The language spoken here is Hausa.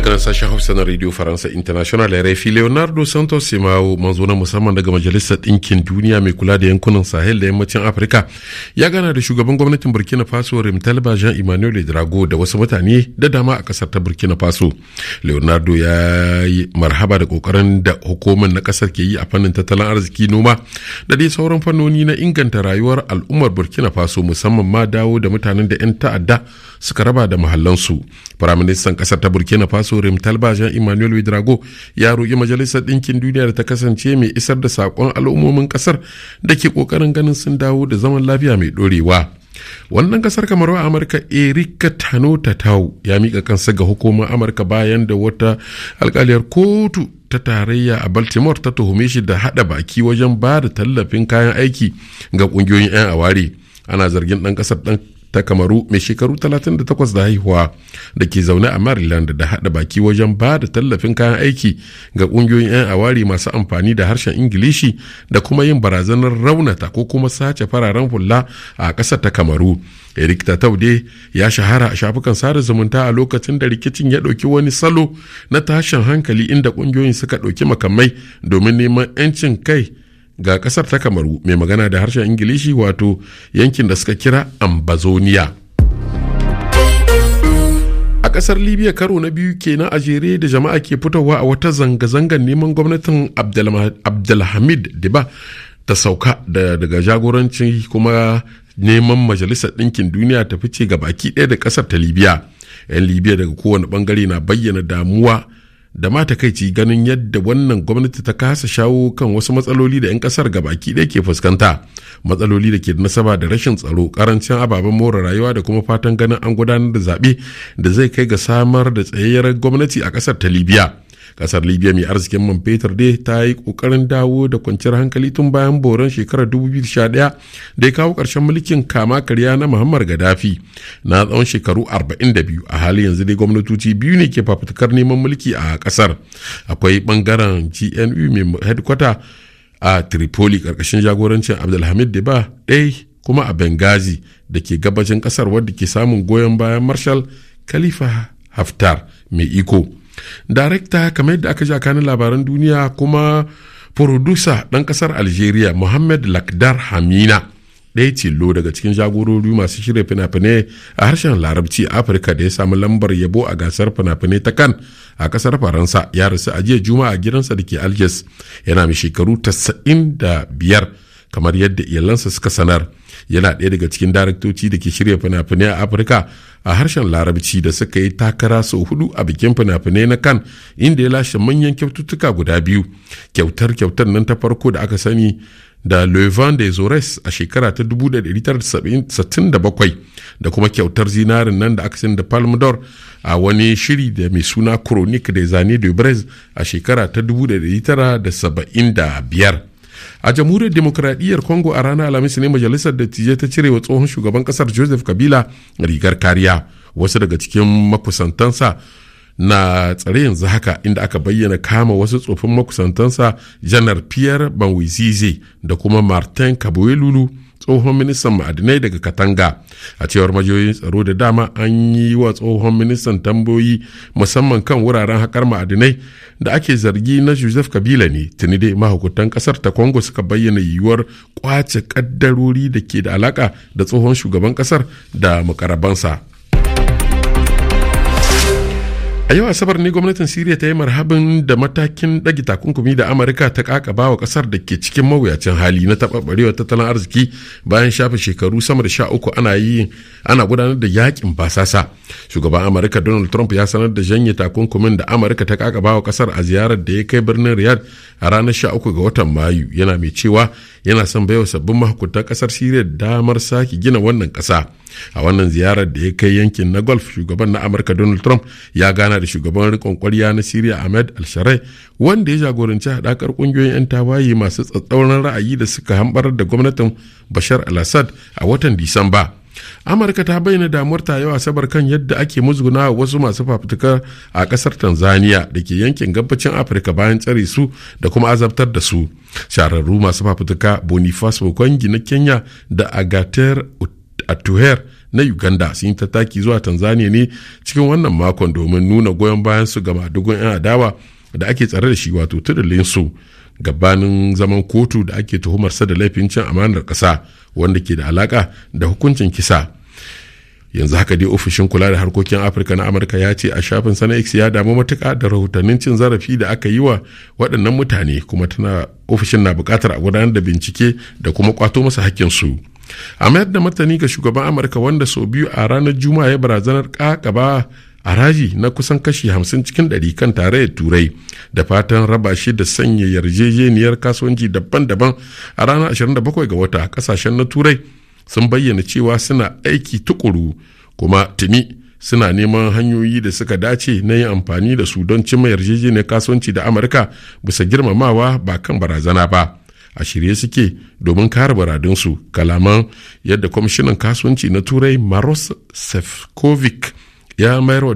daga sashen hausa na radio faransa international rafi leonardo santos simao manzo na musamman daga majalisar ɗinkin duniya mai kula da yankunan sahel da yammacin afirka ya gana da shugaban gwamnatin burkina faso rimtalba jean emmanuel drago da wasu mutane da dama a kasar ta burkina faso leonardo ya yi marhaba da kokarin da hukumar na kasar ke yi a fannin tattalin arziki noma da dai sauran fannoni na inganta rayuwar al'ummar burkina faso musamman ma dawo da mutanen da 'yan ta'adda suka raba da mahallansu firaministan kasar ta burkina faso turim talba emmanuel widrago ya roƙi majalisar ɗinkin duniya da ta kasance mai isar da saƙon al'ummomin ƙasar da ke ƙoƙarin ganin sun dawo da zaman lafiya mai ɗorewa wannan ƙasar kamar wa amurka erika tano tatau ya mika kansa ga hukumar amurka bayan da wata alkaliyar kotu ta tarayya a baltimore ta tuhume shi da haɗa baki wajen ba da tallafin kayan aiki ga ƙungiyoyin 'yan aware ana zargin ɗan ƙasar dan ta kamaru mai shekaru 38 da haihuwa da ke zaune a maryland da hada baki wajen ba da tallafin kayan aiki ga kungiyoyin 'yan awari masu amfani da harshen ingilishi da kuma yin barazanar raunata ko kuma sace fararen hula a ƙasar ta kamaru eric tataude ya shahara a shafukan sada zumunta a lokacin da rikicin ya ɗauki wani salo na tashin hankali inda kungiyoyin suka ɗauki makamai domin neman 'yancin kai ga kasar ta kamaru mai magana da harshen ingilishi wato yankin da suka kira ambazoniya a kasar libya karo na biyu kenan a jere da jama'a ke fitowa a wata zanga-zangar neman gwamnatin abdulhamid diba ta sauka daga jagoranci kuma neman majalisar ɗinkin duniya ta fice ga baki ɗaya da ƙasar ta libya 'yan libya daga kowane ɓangare na bayyana damuwa da ma takaici ganin yadda wannan gwamnati ta kasa shawo kan wasu matsaloli da 'yan kasar baki ɗaya ke fuskanta matsaloli da ke da nasaba da rashin tsaro karancin ababen more rayuwa da kuma fatan ganin an gudanar da zaɓe da zai kai ga samar da tsayayyar gwamnati a ƙasar ta libya kasar libya mai arzikin man fetur dai ta yi kokarin dawo da kwanciyar hankali tun bayan boron shekarar 2011 da ya kawo karshen mulkin kama karya na muhammad gaddafi na tsawon shekaru 42 a halin yanzu dai gwamnatoci biyu ne ke fafutukar neman mulki a kasar akwai bangaren gnu mai headquarter a tripoli karkashin jagorancin abdulhamid deba ɗaya kuma a bengazi da ke gabashin kasar wadda ke samun goyon bayan marshal khalifa haftar mai iko darekta kamar yadda aka ji a labaran duniya kuma furodusa ɗan ƙasar algeria muhammad lakdar hamina ɗaya tilo daga cikin jagorori masu shirya fina-finai a harshen larabci afirka da ya samu lambar yabo a gasar fina-finai ta kan a ƙasar faransa ya rasu a jiya juma'a gidansa da ke algiers yana mai shekaru 95 kamar yadda iyalansa suka sanar yana ɗaya daga cikin daraktoci da ke shirya fina-finai a afirka a harshen larabci da suka yi takara sau hudu a bikin fina-finai na kan inda ya lashe manyan kyaututtuka guda biyu kyautar kyautar nan ta farko da aka sani da levan de zores a shekara ta 1967 da kuma kyautar zinarin nan da aka sani da palme d'or a wani shiri da mai suna chronique des années de brez a shekara ta 1975 a jamhuriyar demokradiyyar congo a ranar alhamis ne majalisar dattijai ta cire wa tsohon shugaban kasar joseph kabila rigar kariya wasu daga cikin makusantansa na tsare yanzu haka inda aka bayyana kama wasu tsofin makusantansa janar pierre banwizize da kuma martin kabuelulu tsohon ministan ma'adinai daga katanga a cewar majiyoyin tsaro da dama an yi wa tsohon ministan tambayoyi musamman kan wuraren haƙar ma'adinai da ake zargi na joseph kabila ne tuni dai mahukuntan ƙasar ta congo suka bayyana yiwuwar kwace ƙaddarori da ke da alaƙa da tsohon shugaban ƙasar da mukarabansa. a yau asabar ne gwamnatin siriya ta yi marhabin da matakin ɗage takunkumi da amurka ta kakaba wa ƙasar da ke cikin mawuyacin hali na taɓarɓarewar tattalin arziki bayan shafe shekaru sama da sha uku ana yi ana gudanar da yakin basasa shugaban amurka donald trump ya sanar da janye takunkumin da amurka ta kakaba wa ƙasar a ziyarar da ya kai birnin riyad a ranar sha uku ga watan mayu yana mai cewa yana son baiwa sabbin mahukuntan kasar siriya damar sake gina wannan kasa a wannan ziyarar da ya kai yankin na golf shugaban na amurka donald trump ya gana da shugaban rikon kwarya na Siriya Ahmed al wanda ya jagoranci haɗakar ƙungiyoyin 'yan tawaye masu tsatsauran ra'ayi da suka hambarar da gwamnatin Bashar al-Assad a watan Disamba. Amurka ta bayyana damuwar ta yau asabar kan yadda ake musguna wasu masu fafutuka a ƙasar Tanzania da ke yankin gabacin Afirka bayan tsare su da kuma azabtar da su. Shararru masu fafutuka Boniface Okwangi na Kenya da Agater Atuher na uganda sun yi tattaki zuwa tanzania ne cikin wannan makon domin nuna goyon bayan su ga madugun 'yan adawa da ake tsare da shi wato tudulin su gabanin zaman kotu da ake tuhumarsa da laifin cin amanar kasa wanda ke da alaka da hukuncin kisa yanzu haka dai ofishin kula da harkokin afirka na amurka ya ce a shafin sana x ya damu matuka da rahotannin cin zarafi da aka yi wa waɗannan mutane kuma tana ofishin na buƙatar a gudanar da bincike da kuma kwato masa hakkinsu a mayar da martani ga shugaban amurka wanda sau biyu a ranar juma'a ya barazanar kakaba raji na kusan kashi 50 cikin 100 kan tarayyar turai da fatan raba shi da sanya yarjejeniyar kasuwanci daban-daban a ranar 27 ga wata kasashen na turai sun bayyana cewa suna aiki tukuru kuma tuni suna neman hanyoyi da suka dace na yin amfani da su don cimma yarjejeniyar kasuwanci da amurka bisa girmamawa ba kan barazana ba a shirye suke domin kare baradunsu kalaman yadda kwamishinan kasuwanci na turai maros sefcovic ya mayar wa